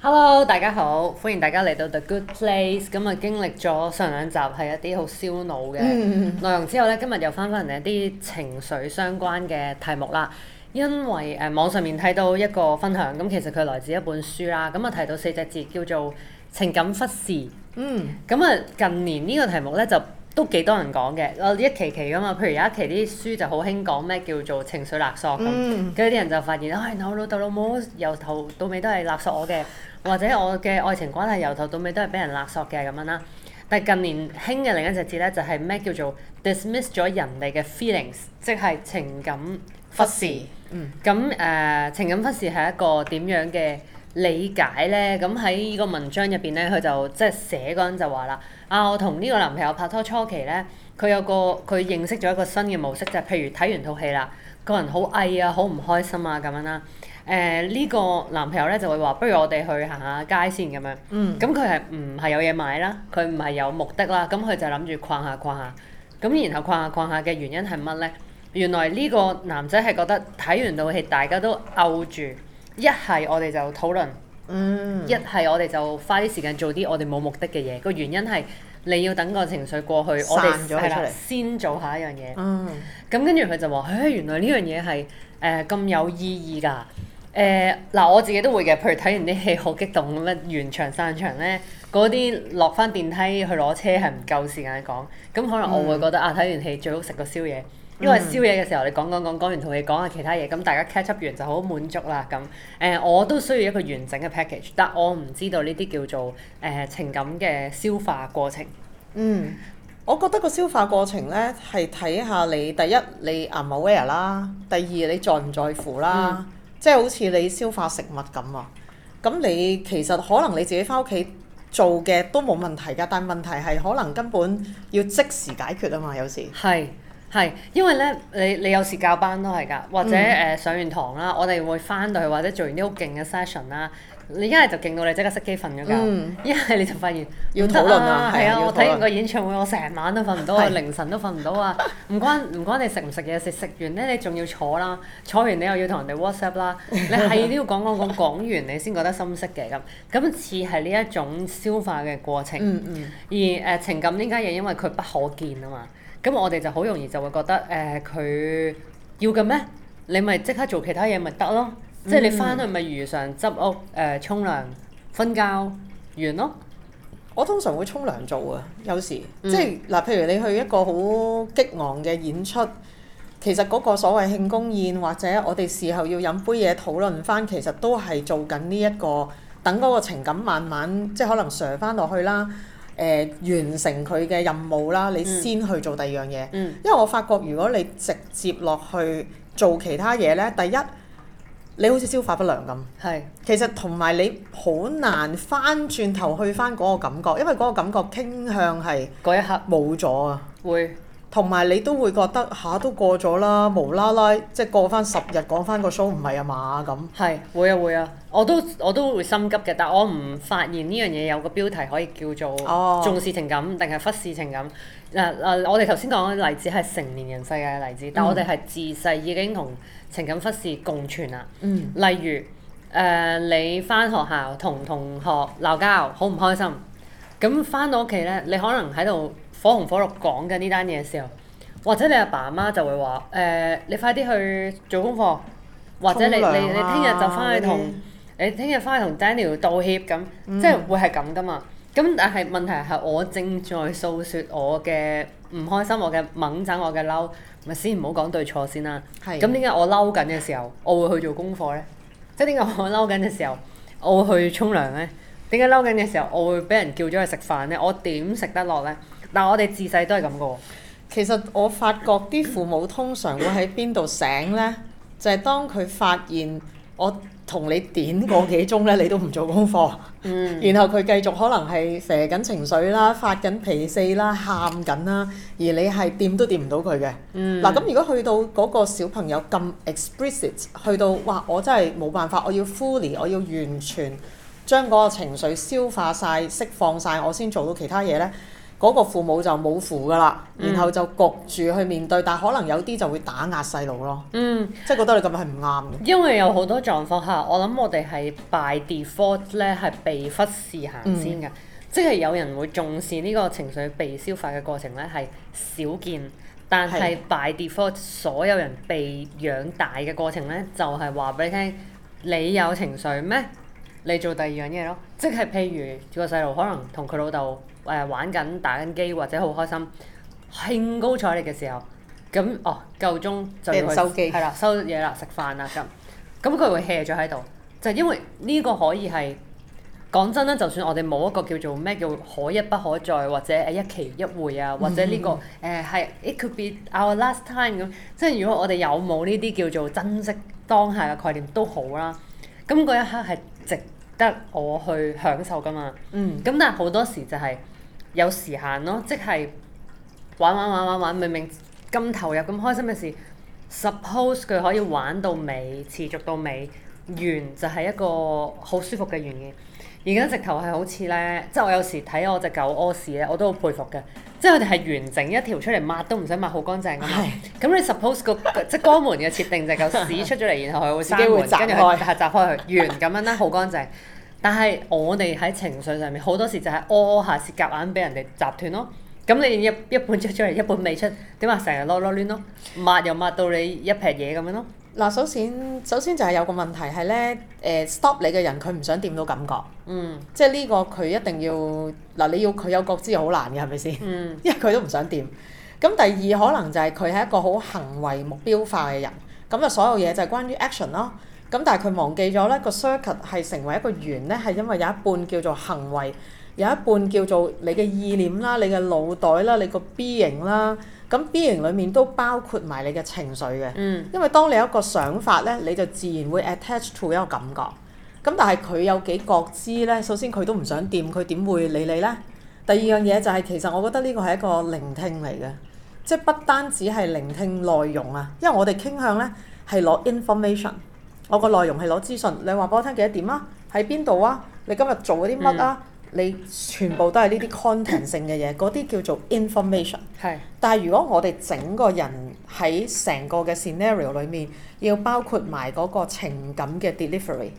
Hello，大家好，歡迎大家嚟到 The Good Place。咁啊，經歷咗上兩集係一啲好燒腦嘅內容之後咧，今日又返返嚟一啲情緒相關嘅題目啦。因為誒、呃、網上面睇到一個分享，咁其實佢來自一本書啦。咁啊，提到四隻字叫做情感忽視。嗯。咁啊，近年呢個題目咧就～都幾多人講嘅，我一期期㗎嘛，譬如有一期啲書就好興講咩叫做情緒勒索咁，跟住啲人就發現，唉、no，我老豆老母由頭到尾都係勒索我嘅，或者我嘅愛情關係由頭到尾都係俾人勒索嘅咁樣啦。但近年興嘅另一隻字咧，就係、是、咩叫做 dismiss 咗人哋嘅 feelings，嗯、即係情感忽視。嗯，咁誒、嗯呃，情感忽視係一個點樣嘅理解咧，咁喺呢個文章入邊咧，佢就即係寫嗰人就話啦：啊，我同呢個男朋友拍拖初期咧，佢有個佢認識咗一個新嘅模式，就係、是、譬如睇完套戲啦，個人好翳啊，好唔開心啊，咁樣啦、啊。誒、呃、呢、這個男朋友咧就會話：不如我哋去行下街先咁樣。嗯。咁佢係唔係有嘢買啦？佢唔係有目的啦。咁佢就諗住逛下逛下。咁然後逛下逛下嘅原因係乜咧？原來呢個男仔係覺得睇完套戲大家都嘔住。一係我哋就討論，一係、嗯、我哋就花啲時間做啲我哋冇目的嘅嘢。個、嗯、原因係你要等個情緒過去，了我哋係啦，嗯、的先做下一樣嘢。咁、嗯嗯、跟住佢就話、欸，原來呢樣嘢係誒咁有意義㗎。誒、呃，嗱，我自己都會嘅。譬如睇完啲戲好激動咁樣，完場散場咧，嗰啲落翻電梯去攞車係唔夠時間講。咁可能我會覺得、嗯、啊，睇完戲最好食個宵夜。因為宵夜嘅時候，你講講講講完，同你講下其他嘢，咁大家 catch up 完就好滿足啦。咁誒、呃，我都需要一個完整嘅 package，但我唔知道呢啲叫做誒、呃、情感嘅消化過程。嗯，我覺得個消化過程咧係睇下你第一你唔冇 aware 啦，第二你在唔在乎啦，嗯、即係好似你消化食物咁啊。咁你其實可能你自己翻屋企做嘅都冇問題㗎，但係問題係可能根本要即時解決啊嘛，有時。係。係，因為咧，你你有時教班都係㗎，或者誒、嗯呃、上完堂啦，我哋會返到去或者做完啲好勁嘅 session 啦，你一係就勁到你即刻熄機瞓咗㗎，一係你就發現要討論啊，係啊，我睇完個演唱會，我成晚都瞓唔到我凌晨都瞓唔到啊，唔關唔關你食唔食嘢事，食完咧你仲要坐啦，坐完你又要同人哋 WhatsApp 啦，你係都要講講講講完你先覺得心息嘅咁，咁似係呢一種消化嘅過程，嗯嗯嗯、而誒、呃、情感呢家嘢因為佢不可見啊嘛。咁我哋就好容易就會覺得誒佢、呃、要嘅咩？你咪即刻做其他嘢咪得咯？嗯、即係你翻去咪如常執屋、誒沖涼、瞓覺完咯。我通常會沖涼做啊，有時、嗯、即係嗱、呃，譬如你去一個好激昂嘅演出，其實嗰個所謂慶功宴或者我哋事後要飲杯嘢討論翻，其實都係做緊呢一個等嗰個情感慢慢即係可能上翻落去啦。呃、完成佢嘅任務啦，嗯、你先去做第二樣嘢。嗯、因為我發覺如果你直接落去做其他嘢呢，第一你好似消化不良咁。係是，其實同埋你好難返轉頭去返嗰個感覺，因為嗰個感覺傾向係嗰一刻冇咗啊。會。同埋你都會覺得嚇、啊、都過咗啦，無啦啦，即係過翻十日講翻個數，唔係啊嘛咁。係會啊會啊，我都我都會心急嘅，但我唔發現呢樣嘢有個標題可以叫做重視情感定係忽視情感。嗱嗱、哦呃呃，我哋頭先講嘅例子係成年人世界嘅例子，但我哋係自細已經同情感忽視共存啦。嗯。例如誒、呃，你翻學校同同學鬧交，好唔開心。咁翻、嗯、到屋企咧，你可能喺度。火紅火綠講緊呢單嘢嘅時候，或者你阿爸阿媽就會話：誒、呃，你快啲去做功課，或者你、啊、你你聽日就翻去同、嗯、你聽日翻去同 Daniel 道歉咁，即係會係咁噶嘛？咁但係問題係我正在訴説我嘅唔開心，我嘅掹憎，我嘅嬲，咪先唔好講對錯先啦。咁點解我嬲緊嘅時候，我會去做功課咧？即係點解我嬲緊嘅時候，我會去沖涼咧？點解嬲緊嘅時候，我會俾人叫咗去食飯咧？我點食得落咧？嗱，但我哋自細都係咁嘅喎。其實我發覺啲父母通常會喺邊度醒呢？就係、是、當佢發現我同你點過幾鐘呢， 你都唔做功課，嗯、然後佢繼續可能係射緊情緒啦、發緊脾氣啦、喊緊啦，而你係掂都掂唔到佢嘅。嗱咁、嗯啊、如果去到嗰個小朋友咁 explicit，去到「哇，我真係冇辦法，我要 fully，我要完全將嗰個情緒消化晒、釋放晒」，我先做到其他嘢呢。嗰個父母就冇符㗎啦，然後就焗住去面對，但可能有啲就會打壓細路咯。嗯，即係覺得你咁樣係唔啱嘅。因為有好多狀況下，我諗我哋係 by default 咧係被忽視行先嘅，嗯、即係有人會重視呢個情緒被消化嘅過程咧係少見，但係 by default 的所有人被養大嘅過程咧就係話俾你聽，你有情緒咩？你做第二樣嘢咯，即係譬如、嗰個細路可能同佢老豆。誒玩緊打緊機或者好開心，興高采烈嘅時候，咁哦夠鐘就要收機，係啦收嘢啦食飯啦咁，咁佢會歇咗喺度，就因為呢個可以係講真啦，就算我哋冇一個叫做咩叫可一不可再或者誒一期一會啊，或者呢、這個誒係、呃、It could be our last time 咁，即係如果我哋有冇呢啲叫做珍惜當下嘅概念都好啦，咁嗰一刻係值得我去享受㗎嘛，嗯，咁但係好多時就係、是。有時限咯，即係玩玩玩玩玩，明明咁投入咁開心嘅事 ，suppose 佢可以玩到尾，持續到尾完就係一個好舒服嘅原因。而家直頭係好似呢，嗯、即係我有時睇我隻狗屙屎咧，我都好佩服嘅，即係佢哋係完整一條出嚟抹都唔使抹好乾淨咁。 你 suppose、嗰個 即係肛門嘅設定，就狗屎出咗嚟，然後佢自己會炸 開,開，拆拆開佢完咁樣啦，好乾淨。但係我哋喺情緒上面好多時就係屙、呃呃、下先夾硬俾人哋截斷咯，咁你一一半出咗嚟，一半未出，點話成日囉囉攣咯？抹又抹到你一撇嘢咁樣咯。嗱，首先首先就係有個問題係咧，誒、呃、stop 你嘅人佢唔想掂到感覺，嗯，即係呢個佢一定要嗱、呃、你要佢有覺知好難嘅係咪先？嗯， 因為佢都唔想掂。咁第二可能就係佢係一個好行為目標化嘅人，咁就所有嘢就係關於 action 咯。咁但係佢忘記咗呢個 circuit 係成為一個圓呢？係因為有一半叫做行為，有一半叫做你嘅意念啦，你嘅腦袋啦，你個 B 型啦。咁 B 型裏面都包括埋你嘅情緒嘅，嗯、因為當你有一個想法呢，你就自然會 attach to 一個感覺。咁但係佢有幾覺知呢？首先佢都唔想掂，佢點會理你呢？第二樣嘢就係其實我覺得呢個係一個聆聽嚟嘅，即係不單止係聆聽內容啊，因為我哋傾向呢，係攞 information。我個內容係攞資訊，你話俾我聽幾多點啊？喺邊度啊？你今日做嗰啲乜啊？嗯、你全部都係呢啲 content 性嘅嘢，嗰啲叫做 information。係是。但係如果我哋整個人喺成個嘅 scenario 裏面，要包括埋嗰個情感嘅 delivery，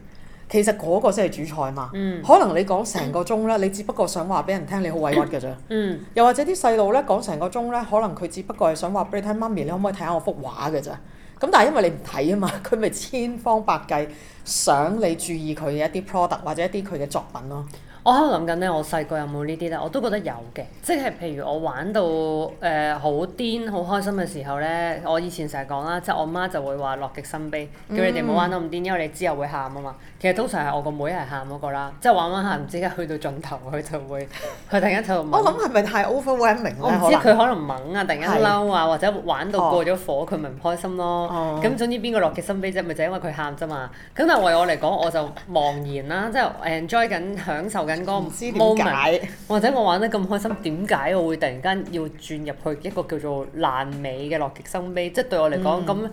其實嗰個先係主菜嘛。嗯、可能你講成個鐘咧，你只不過想話俾人聽你好委屈㗎啫、嗯。嗯。又或者啲細路咧講成個鐘咧，可能佢只不過係想話俾你聽，「媽咪你可唔可以睇下我幅畫㗎咋？」咁但係，因為你唔睇啊嘛，佢咪千方百計想你注意佢嘅一啲 product 或者一啲佢嘅作品咯。我喺度諗緊咧，我細個有冇呢啲咧？我都覺得有嘅，即係譬如我玩到誒好癲、好、呃、開心嘅時候咧，我以前成日講啦，即係我媽就會話樂極生悲，叫你哋唔好玩到咁癲，因為你之後會喊啊嘛。其實通常係我個妹、那個妹係喊嗰個啦，即係玩玩下，唔知點解去到盡頭佢就會，佢突然間喺度。我諗係咪太 overwhelming？我唔知佢難可能猛啊，突然間嬲啊，是或者玩到過咗火，佢咪唔開心咯。咁、哦、總之邊個樂極生悲啫？咪就係、是、因為佢喊啫嘛。咁但係為我嚟講，我就忘然啦，即係 enjoy 緊享受。緊嗰唔知點解， 或者我玩得咁開心，點解我會突然間要轉入去一個叫做爛尾嘅樂極生悲？即係對我嚟講咁。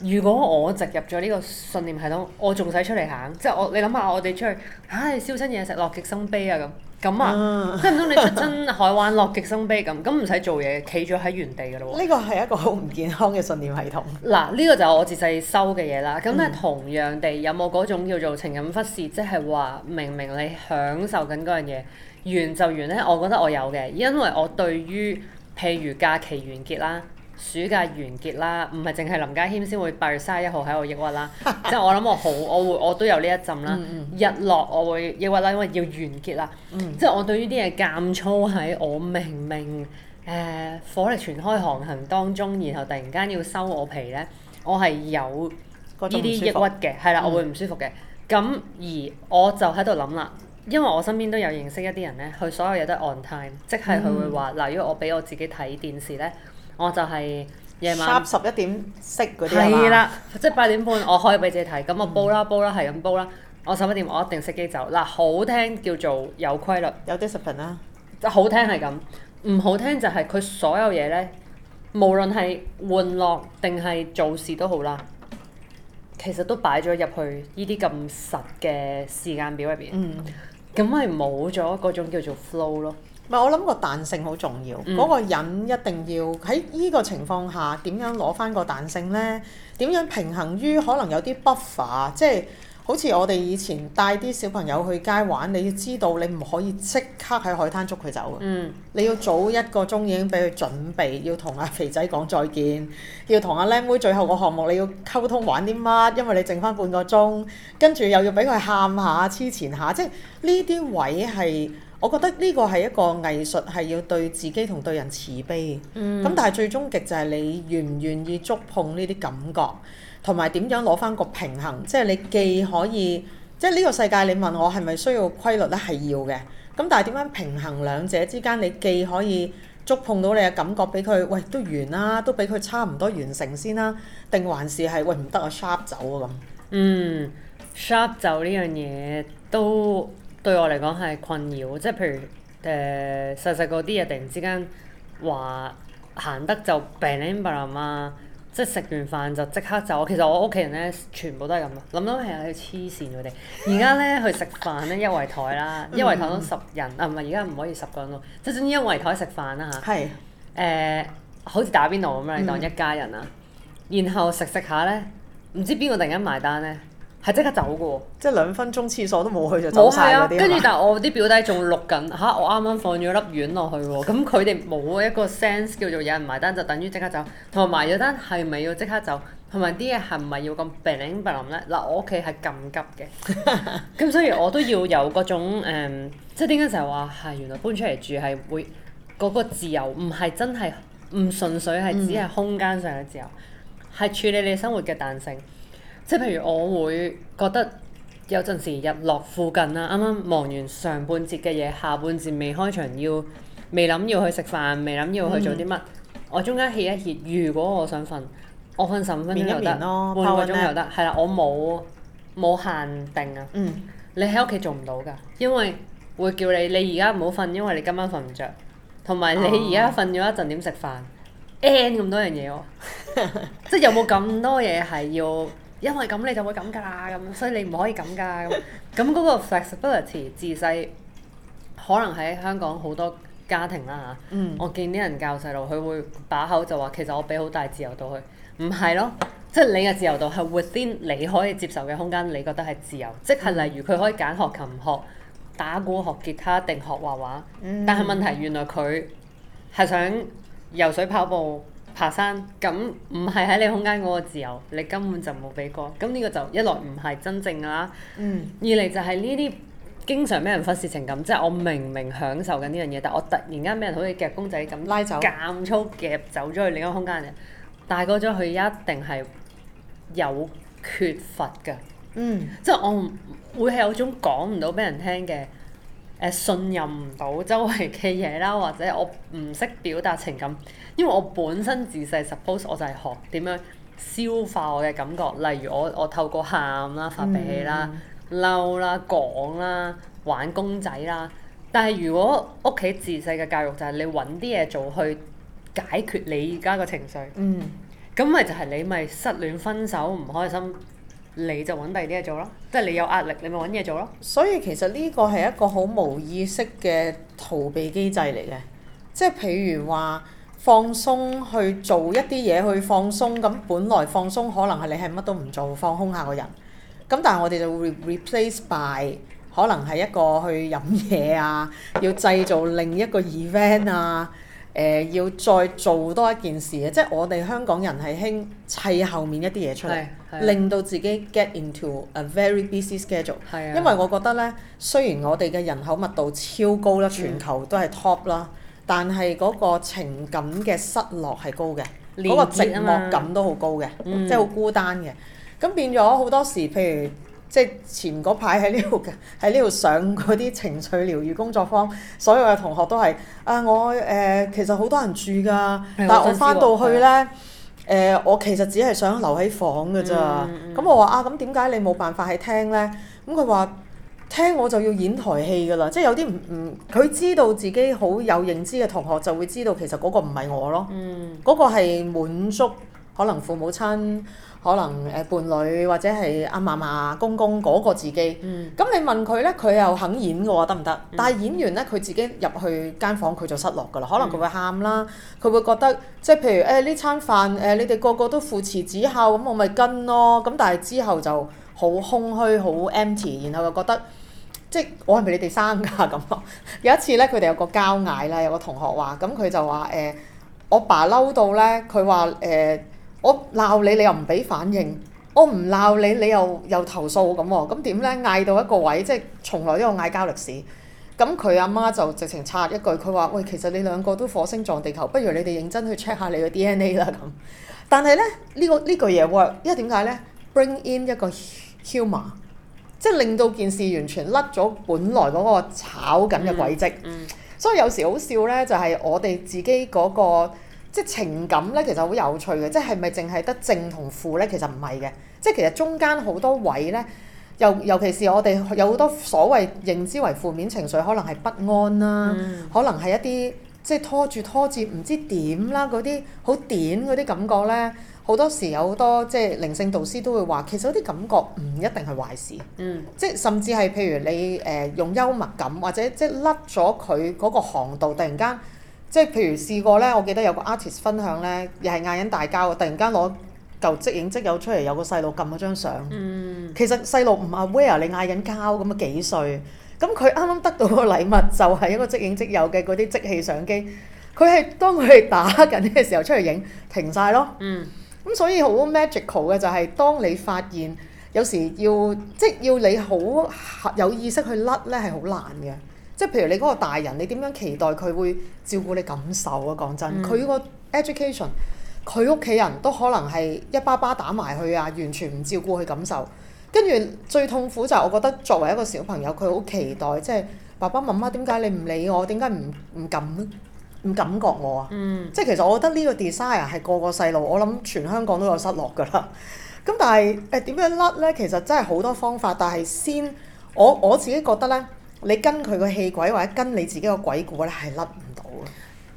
如果我植入咗呢個信念系統，我仲使出嚟行？即係我，你諗下，我哋出去唉，啊、燒親嘢食，樂極生悲啊咁。咁啊，即係唔通你出親海灣樂 極生悲咁？咁唔使做嘢，企咗喺原地嘅咯喎。呢個係一個好唔健康嘅信念系統。嗱、啊，呢、呢個就我自細收嘅嘢啦。咁但係同樣地，有冇嗰種叫做情感忽視？即係話明明你享受緊嗰樣嘢，完就完咧。我覺得我有嘅，因為我對於譬如假期完結啦。暑假完結啦，唔係淨係林家謙先會八月三十一號喺度抑鬱啦， 即係我諗我好，我會我都有呢一陣啦。嗯嗯、日落我會抑鬱啦，因為要完結啦。嗯、即係我對呢啲嘢咁粗喺我明明誒、呃、火力全開航行當中，然後突然間要收我皮咧，我係有呢啲抑鬱嘅，係啦，我會唔舒服嘅。咁、嗯、而我就喺度諗啦，因為我身邊都有認識一啲人咧，佢所有嘢都係 on time，即係佢會話嗱、呃，如果我俾我自己睇電視咧。嗯我就係夜晚，十一點熄嗰啲啊。係啦，即係八點半，我開俾自己睇，咁我煲啦煲啦，係咁煲啦。我十一點，我一定熄機走。嗱，好聽叫做有規律。有 discipline 啦。好聽係咁，唔好聽就係佢所有嘢呢，無論係玩樂定係做事都好啦，其實都擺咗入去呢啲咁實嘅時間表入邊。嗯。咁咪冇咗嗰種叫做 flow 咯。唔係我諗個彈性好重要，嗰、嗯、個人一定要喺依個情況下點樣攞翻個彈性呢？點樣平衡於可能有啲 buffer？即係好似我哋以前帶啲小朋友去街玩，你要知道你唔可以即刻喺海灘捉佢走嘅。嗯、你要早一個鐘已經俾佢準備，要同阿肥仔講再見，要同阿靚妹最後個項目你要溝通玩啲乜，因為你剩翻半個鐘，跟住又要俾佢喊下黐纏下，即係呢啲位係。我覺得呢個係一個藝術，係要對自己同對人慈悲咁、嗯、但係最終極就係你願唔願意觸碰呢啲感覺，同埋點樣攞翻個平衡？即係你既可以，即係呢個世界你問我係咪需要規律咧，係要嘅。咁但係點樣平衡兩者之間？你既可以觸碰到你嘅感覺俾佢，喂都完啦、啊，都俾佢差唔多完成先啦、啊，定還是係喂唔得我 sharp 走啊咁？嗯，sharp 走呢樣嘢都～對我嚟講係困擾，即係譬如誒細細個啲嘢突然之間話行得就病咧病啊！即係食完飯就即刻走。其實我屋企人咧全部都係咁，諗到係啊，黐線佢哋。而家咧去食飯咧，一圍台啦，一圍台都十人 啊，唔係而家唔可以十個人咯，即係總之一圍台食飯啦、啊、吓，係誒的、呃，好似打邊爐咁樣，你當一家人啊。 然後食食下咧，唔知邊個突然間埋單咧？係即刻走噶喎！即係兩分鐘廁所都冇去就走晒啊，跟住，但係我啲表弟仲錄緊吓，我啱啱放咗粒丸落去喎。咁佢哋冇一個 sense 叫做有人埋單就等於即刻走，同埋埋咗單係咪要即刻走？同埋啲嘢係咪要咁 bling bling 咧？嗱，我屋企係咁急嘅，咁所以我都要有嗰種誒，即係點解成日話係原來搬出嚟住係會嗰個自由，唔係真係唔純粹係只係空間上嘅自由，係處理你生活嘅彈性。即係譬如我會覺得有陣時日落附近啊，啱啱忙完上半節嘅嘢，下半節未開場要未諗要去食飯，未諗要去做啲乜，嗯、我中間歇一歇。如果我想瞓，我瞓十五分鐘又得，面面半個鐘又得，係啦哪、啊，我冇冇限定啊。嗯、你喺屋企做唔到㗎，因為會叫你你而家唔好瞓，因為你今晚瞓唔着。同埋你而家瞓咗一陣點食飯？N 咁多樣嘢喎，即係有冇咁多嘢係要？因為咁你就會咁噶啦，咁所以你唔可以咁噶。咁咁嗰個 flexibility 自細可能喺香港好多家庭啦嚇。嗯、我見啲人教細路，佢會把口就話，其實我俾好大自由度佢，唔係咯，即係你嘅自由度係 within 你可以接受嘅空間，你覺得係自由，即係例如佢可以揀學琴、學打鼓、學吉他定學畫畫。嗯、但係問題原來佢係想游水泡泡、跑步。爬山，咁唔係喺你空間嗰個自由，你根本就冇俾過。咁呢個就一來唔係真正噶啦，嗯、二嚟就係呢啲經常俾人忽視情感，即係我明明享受緊呢樣嘢，但我突然間俾人好似夾公仔咁拉走，夾粗夾走咗去另一個空間嘅。大個咗佢一定係有缺乏㗎，嗯、即係我會係有種講唔到俾人聽嘅。信任唔到周圍嘅嘢啦，或者我唔識表達情感，因為我本身自細 suppose 我就係學點樣消化我嘅感覺，例如我我透過喊啦、發脾氣啦、嬲啦、講啦、玩公仔啦。但係如果屋企自細嘅教育就係你揾啲嘢做去解決你而家個情緒，嗯，咁咪就係你咪失戀分手唔開心。你就揾第啲嘢做咯，即係你有壓力，你咪揾嘢做咯。所以其實呢個係一個好冇意識嘅逃避機制嚟嘅，即係譬如話放鬆去做一啲嘢去放鬆，咁本來放鬆可能係你係乜都唔做，放空下個人。咁但係我哋就會 replace by 可能係一個去飲嘢啊，要製造另一個 event 啊。誒、呃、要再做多一件事嘅，即係我哋香港人係興砌後面一啲嘢出嚟，啊、令到自己 get into a very busy schedule、啊。因為我覺得呢，雖然我哋嘅人口密度超高啦，全球都係 top 啦、嗯，但係嗰個情感嘅失落係高嘅，嗰個寂寞感都好高嘅，嗯、即係好孤單嘅。咁變咗好多時，譬如。即係前嗰排喺呢度嘅，喺呢度上嗰啲情緒療癒工作坊，所有嘅同學都係啊，我誒、呃、其實好多人住㗎，嗯、但係我翻到去咧誒、嗯嗯呃，我其實只係想留喺房㗎咋。咁、嗯嗯嗯、我話啊，咁點解你冇辦法喺廳咧？咁佢話廳我就要演台戲㗎啦，即係有啲唔唔，佢、嗯、知道自己好有認知嘅同學就會知道其實嗰個唔係我咯，嗰、嗯、個係滿足可能父母親。可能誒伴侶或者係阿嫲嫲公公嗰、那個自己，咁、嗯、你問佢呢，佢又肯演嘅喎，得唔得？嗯、但係演完呢，佢自己入去間房，佢就失落㗎啦。可能佢會喊啦，佢、嗯、會覺得即係譬如誒呢、哎、餐飯誒、哎、你哋個個都父慈子孝，咁我咪跟咯。咁但係之後就好空虛，好 empty，然後又覺得即係我係咪你哋生㗎咁。 有一次呢，佢哋有個交嗌啦，有個同學話，咁佢就話誒、哎、我爸嬲到呢，佢話誒。哎哎我鬧你你又唔俾反應，我唔鬧你你又又投訴咁喎，咁點呢？嗌到一個位，即係從來都有嗌交歷史。咁佢阿媽就直情插一句，佢話：喂，其實你兩個都火星撞地球，不如你哋認真去 check 下你個 DNA 啦咁。但係咧呢、呢個呢句嘢喎，呢個、work，因為點解呢 bring in 一個 humor，即係令到件事完全甩咗本來嗰個炒緊嘅軌跡。嗯嗯、所以有時好笑呢，就係我哋自己嗰個。即係情感咧，其實好有趣嘅，即係咪淨係得正同負咧？其實唔係嘅，即係其實中間好多位咧，尤尤其是我哋有好多所謂認知為負面情緒，可能係不安啦，嗯、可能係一啲即係拖住拖住唔知點啦嗰啲好癲嗰啲感覺咧，好多時有好多即係靈性導師都會話，其實嗰啲感覺唔一定係壞事，嗯、即係甚至係譬如你誒、呃、用幽默感或者即係甩咗佢嗰個航道，突然間。即係譬如試過咧，我記得有個 artist 分享咧，又係嗌緊大交喎，突然間攞嚿即影即有出嚟，有個細路撳咗張相。嗯。其實細路唔係 where 你嗌緊交咁啊幾歲？咁佢啱啱得到個禮物就係一個即影即有嘅嗰啲即棄相機，佢係當佢打緊嘅時候出嚟影停晒咯。嗯。咁、嗯、所以好 magical 嘅就係當你發現有時要即要你好有意識去甩咧係好難嘅。即係譬如你嗰個大人，你點樣期待佢會照顧你感受啊？講真，佢個、嗯、education，佢屋企人都可能係一巴巴打埋去啊，完全唔照顧佢感受。跟住最痛苦就係我覺得作為一個小朋友，佢好期待，即係爸爸媽媽點解你唔理我？點解唔唔撳唔感覺我啊？嗯，即係其實我覺得呢個 desire 係個個細路，我諗全香港都有失落㗎啦。咁但係誒點樣甩呢？其實真係好多方法，但係先我我自己覺得呢。你跟佢個氣鬼，或者跟你自己個鬼故咧，係甩唔到嘅。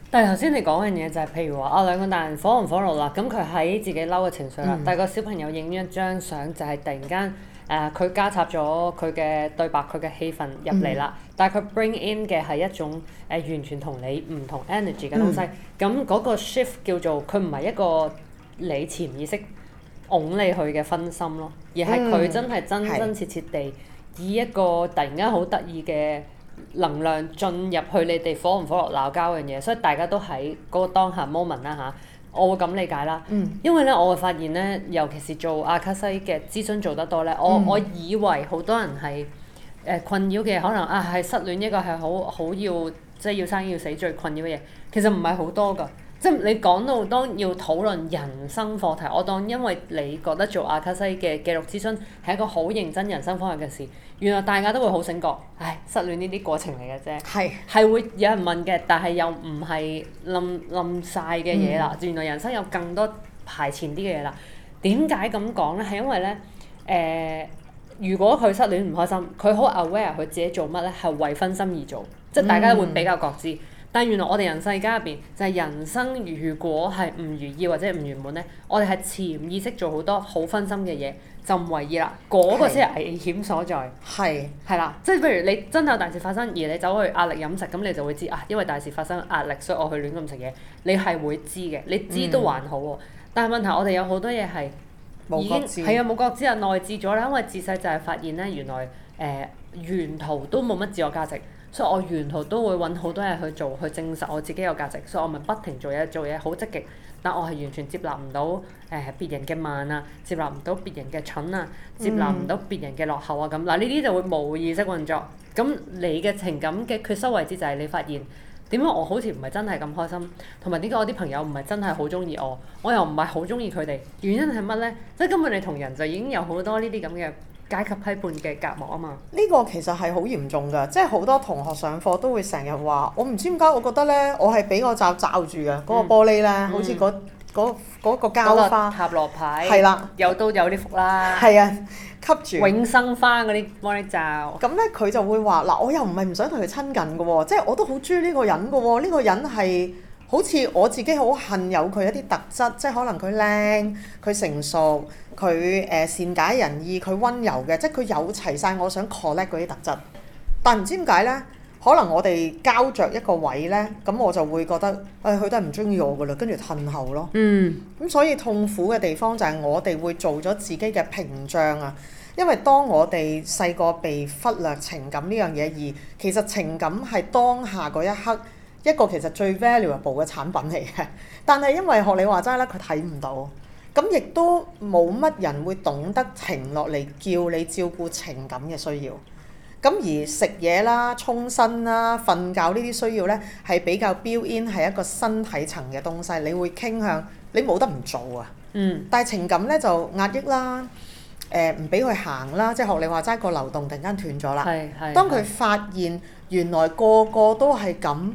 但係頭先你講嘅嘢就係，譬如話啊兩個大人火紅火綠啦，咁佢喺自己嬲嘅情緒啦。但係個小朋友影咗一張相，就係突然間誒佢加插咗佢嘅對白、佢嘅氣氛入嚟啦。但係佢 bring in 嘅係一種誒完全同你唔同 energy 嘅東西。咁嗰個 shift 叫做佢唔係一個你潛意識㧬你去嘅分心咯，而係佢真係真真切切地。以一個突然間好得意嘅能量進入去你哋火唔火落鬧交嘅嘢，所以大家都喺嗰個當下 moment 啦、啊、吓，我會咁理解啦。嗯、因為咧，我會發現咧，尤其是做阿卡西嘅諮詢做得多咧，我我以為好多人係誒困擾嘅，可能啊係失戀一個係好好要即係、就是、要生要死最困擾嘅嘢，其實唔係好多噶。嗯嗯即係你講到當要討論人生課題，我當因為你覺得做阿卡西嘅記錄諮詢係一個好認真人生方向嘅事，原來大家都會好醒覺，唉，失戀呢啲過程嚟嘅啫，係係是會有人問嘅，但係又唔係冧冧曬嘅嘢啦。嗯、原來人生有更多排前啲嘅嘢啦。點解咁講咧？係因為咧，誒、呃，如果佢失戀唔開心，佢好 aware 佢自己做乜咧，係為分心而做，即係大家會比較覺知。嗯嗯但原來我哋人世間入邊，就係人生如果係唔如意或者唔圓滿咧，我哋係潛意識做好多好分心嘅嘢，就唔為意啦。嗰、那個先係危險所在。係係啦，即係譬如你真係有大事發生，而你走去壓力飲食，咁你就會知啊，因為大事發生壓力，所以我去亂咁食嘢。你係會知嘅，你知都還好喎。嗯、但係問題，我哋有好多嘢係已經係啊冇覺知啊內置咗啦，因為自細就係發現咧，原來誒、呃、沿途都冇乜自我價值。所以我沿途都會揾好多嘢去做，去證實我自己有價值。所以我咪不，不停做嘢，做嘢好積極。但我係完全接納唔到誒別人嘅慢啊，接納唔到別人嘅蠢啊，接納唔到別人嘅落後啊咁。嗱呢啲就會冇意識運作。咁你嘅情感嘅缺失位置就係你發現點解我好似唔係真係咁開心，同埋點解我啲朋友唔係真係好中意我，我又唔係好中意佢哋。原因係乜咧？即係根本你同人就已經有好多呢啲咁嘅階級批判嘅隔膜啊嘛，呢個其實係好嚴重噶，即係好多同學上課都會成日話，我唔知點解，我覺得咧，我係俾我罩罩住嘅嗰個玻璃咧，嗯、好似嗰嗰個膠花、塔羅牌，係啦，有都有啲福啦，係啊，吸住永生花嗰啲玻璃罩。咁咧佢就會話嗱，我又唔係唔想同佢親近嘅喎，即係我都好中意呢個人嘅喎，呢、呢個人係。好似我自己好恨有佢一啲特質，即係可能佢靚、佢成熟、佢誒、呃、善解人意、佢溫柔嘅，即係佢有齊晒我想 collect 嗰啲特質。但唔知點解呢，可能我哋交着一個位呢，咁我就會覺得，誒、哎，佢都係唔中意我嘅啦，跟住恨後咯。嗯。咁所以痛苦嘅地方就係我哋會做咗自己嘅屏障啊，因為當我哋細個被忽略情感呢樣嘢而，其實情感係當下嗰一刻。一個其實最 valuable 嘅產品嚟嘅，但係因為學你話齋咧，佢睇唔到，咁亦都冇乜人會懂得停落嚟叫你照顧情感嘅需要。咁而食嘢啦、沖身啦、瞓覺呢啲需要呢，係比較 built in 係一個身體層嘅東西，你會傾向你冇得唔做啊。嗯。但係情感呢，就壓抑啦，誒唔俾佢行啦，即係學你話齋個流動突然間斷咗啦。係係當佢發現原來個個都係咁。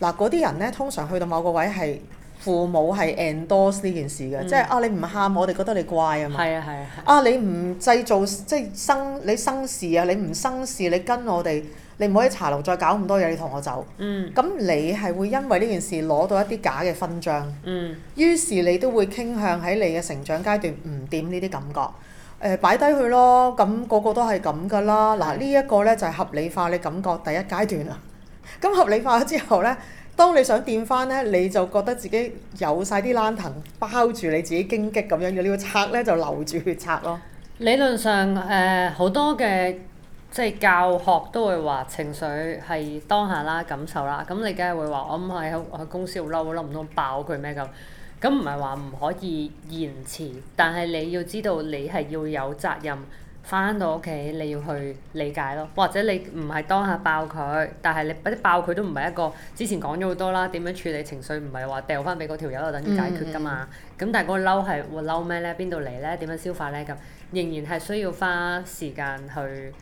嗱，嗰啲人咧，通常去到某個位係父母係 endorse 呢件事嘅，嗯、即係啊你唔喊，我哋覺得你乖啊嘛。係啊係啊。啊、嗯、你唔製造即係生你生事啊，你唔生事，你跟我哋，你唔可以茶樓再搞咁多嘢，你同我走。嗯。咁你係會因為呢件事攞到一啲假嘅勳章。嗯。於是你都會傾向喺你嘅成長階段唔掂呢啲感覺，誒擺低佢咯。咁個個都係咁㗎啦。嗱、這個、呢一個咧就係、是、合理化你感覺第一階段啦。咁合理化咗之後咧，當你想掂翻咧，你就覺得自己有晒啲攣藤包住你自己驚激樣，驚激咁樣嘅你要拆咧，就留住去拆咯。理論上誒，好、呃、多嘅即係教學都會話情緒係當下啦、感受啦，咁你梗係會話、嗯、我唔係喺喺公司好嬲，我諗唔通爆佢咩咁？咁唔係話唔可以延遲，但係你要知道你係要有責任，翻到屋企你要去理解咯，或者你唔係當下爆佢，但係你一爆佢都唔係一個。之前講咗好多啦，點樣處理情緒唔係話掉翻俾嗰條友就等於解決噶嘛。咁、嗯嗯嗯、但係嗰個嬲係會嬲咩咧？邊度嚟咧？點樣消化咧？咁仍然係需要花時間去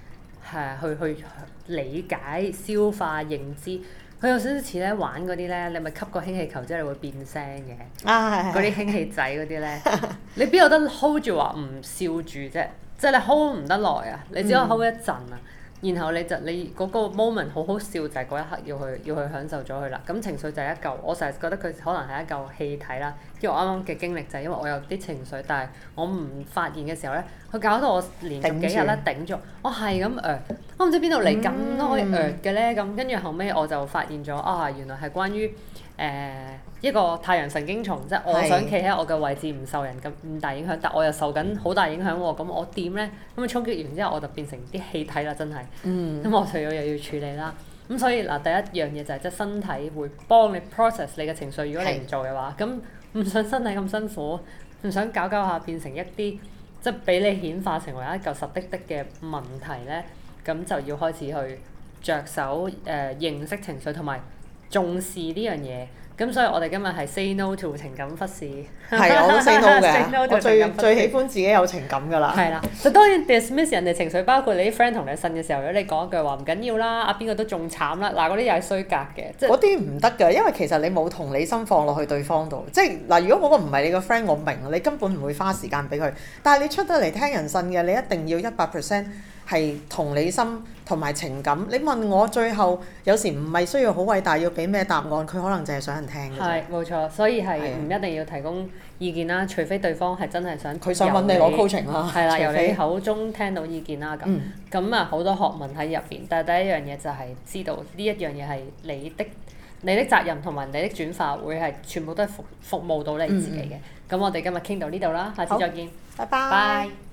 係去去理解、消化、認知。佢有少少似咧玩嗰啲咧，你咪吸個氫氣球之後、即係、會變聲嘅。嗰啲、啊、氫氣仔嗰啲咧， 你邊有得 hold 住話唔笑住啫？即係你 hold 唔得耐啊！你只可以 hold 一陣啊，嗯、然後你就你嗰個 moment 好好笑，就係、係、嗰一刻要去要去享受咗佢啦。咁、嗯、情緒就係一嚿，我成日覺得佢可能係一嚿氣體啦。因為我啱啱嘅經歷就係因為我有啲情緒，但係我唔發現嘅時候咧，佢搞到我連續幾日咧頂咗。頂住我係咁誒。我唔知邊度嚟咁哀怨嘅咧，咁跟住後尾我就發現咗啊，原來係關於誒一個太陽神經叢，即係我想企喺我嘅位置唔受人咁咁大影響，但我又受緊好大影響喎。咁我點咧？咁佢衝擊完之後我就變成啲氣體啦，真係咁我就要又要處理啦。咁所以嗱，第一樣嘢就係即係身體會幫你 process 你嘅情緒。如果你唔做嘅話，咁唔想身體咁辛苦，唔想搞搞下變成一啲即係俾你顯化成為一嚿實滴滴嘅問題咧。咁就要開始去着手誒、呃、認識情緒同埋重視呢樣嘢。咁、嗯、所以我哋今日係 say no to 情感忽視，係我 say no 嘅。最感最喜歡自己有情感㗎、嗯、啦。係啦，就當然 dismiss 人哋情緒，包括你啲 friend 同你呻嘅時候，如果你講一句話唔緊要啦，啊邊個都仲慘啦，嗱嗰啲又係衰格嘅。嗰啲唔得㗎，因為其實你冇同理心放落去對方度。即係嗱，如果嗰個唔係你個 friend，我明，你根本唔會花時間俾佢。但係你出得嚟聽人呻嘅，你一定要一百 percent。係同理心同埋情感，你問我最後有時唔係需要好偉大，要俾咩答案？佢可能淨係想人聽嘅。係冇錯，所以係唔一定要提供意見啦，的除非對方係真係想。佢想揾你攞 coaching 啦。係啦，由你口中聽到意見啦咁。咁啊好多學問喺入邊，但係第一樣嘢就係知道呢一樣嘢係你的你的責任同埋你的轉化會係全部都係服服務到你自己嘅。咁、嗯、我哋今日傾到呢度啦，下次再見。好，拜拜。